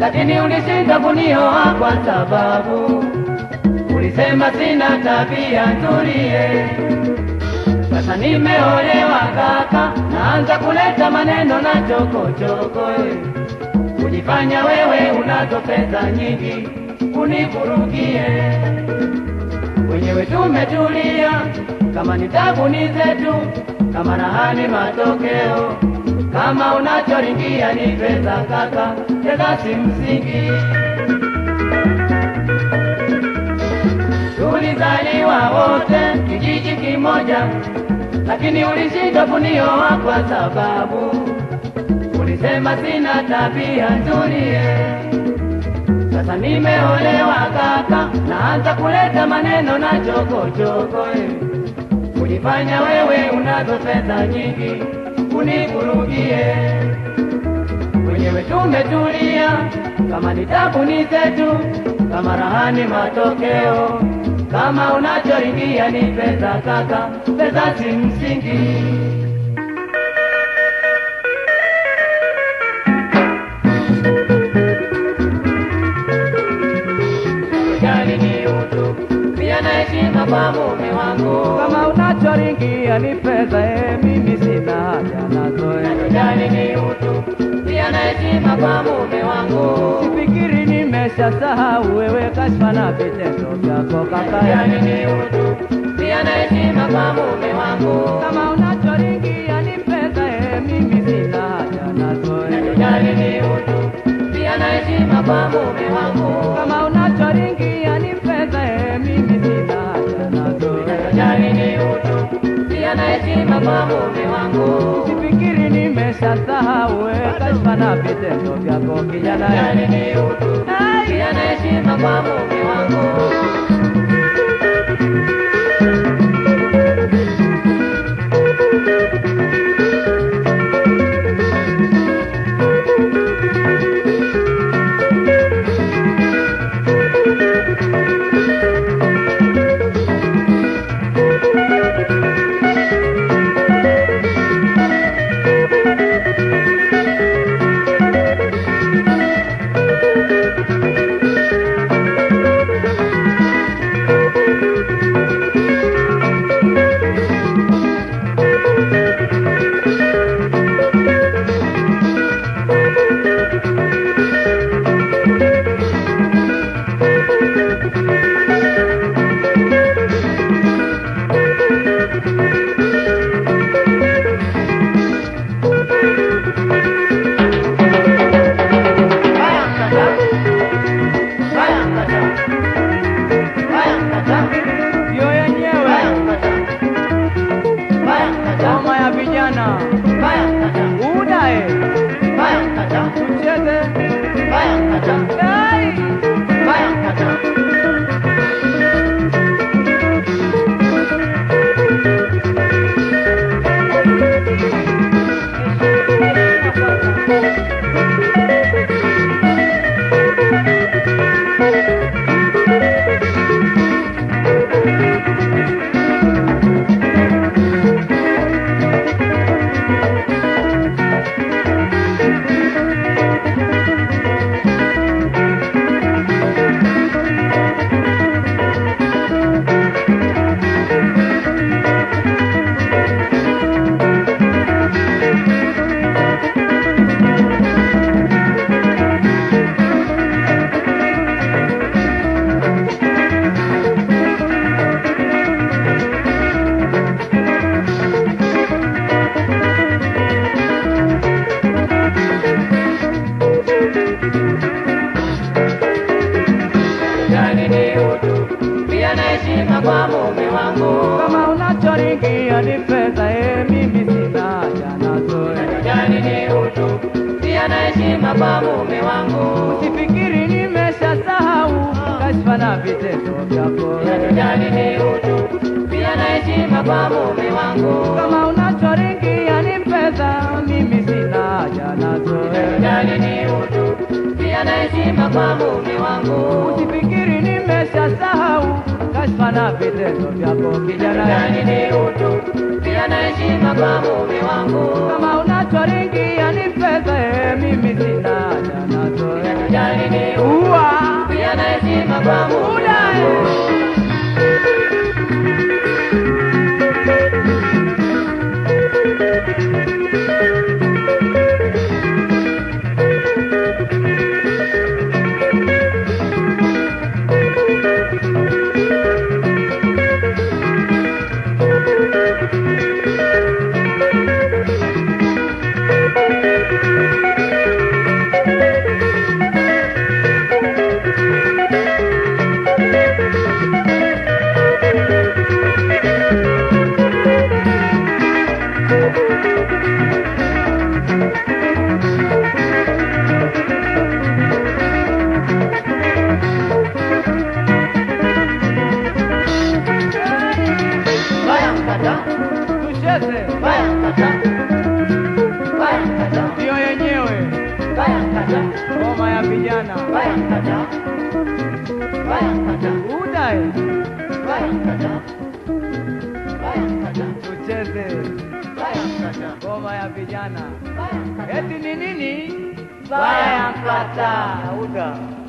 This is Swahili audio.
lakini ulishinda kunioa kwa sababu ulisema sina tabia nzuri. Sasa nimeolewa kaka, naanza kuleta maneno na chokochoko, kujifanya wewe unazo pesa nyingi univurugie. Wenyewe tumetulia, kama ni tabu ni zetu, kama rahani matokeo kama unachoringia ni pesa kaka, pesa si msingi. Tulizaliwa wote kijiji kimoja, lakini ulishika punio kwa sababu ulisema sina tabia nzuri. Sasa nimeolewa kaka, naanza kuleta maneno na chokochoko. Ulifanya wewe unazo pesa nyingi unikulugie. Wenyewe tumetulia kama ni tabuni zetu, kama raha ni matokeo. Kama unachoingia ni pesa kaka, pesa si msingi. shinda kwa mume wangu. Kama unachoringia ni pesa, eh, mimi sina haja nazo. Eh. Nachojali yaani ni utu, pia na heshima kwa mume wangu. Sifikiri nimesha wewe, kashfa na vitendo vyako kaka. Nachojali yaani ni utu, pia na heshima kwa mume wangu. Kama unachoringia ni pesa, eh, mimi sina haja nazo. Eh. Nachojali yaani ni utu, pia na heshima kwa mume wangu. Dunia na heshima kwa mume wangu. Usifikiri nimeshasahau, kashfa na vitendo vyako kijana. Yaani ni utu, kijana heshima kwa mume wangu gani ni utu, pia na naheshima kwa mume wangu. Kama unachoringia ni pesa, eh, mimi sina haja nazo. Kitu eh. gani ni utu, pia na naheshima kwa mume wangu. Usifikiri nimeshasahau kashfa na vitezo vyako. Kitu eh. gani ni utu, pia na naheshima kwa mume wangu. Kama unachoringia ni pesa, mimi heshima kwa mume wangu. Usifikiri nimeshasahau kashfa na vitendo vyako kijana, yani ni utu pia na heshima kwa mume wangu. Kama unachoringia ni fedha, eh, mimi sina nazo, yani ni utu pia na heshima kwa mume eh. wangu. Udai tucheze ngoma ya vijana, eti ni nini? Baya nkata uda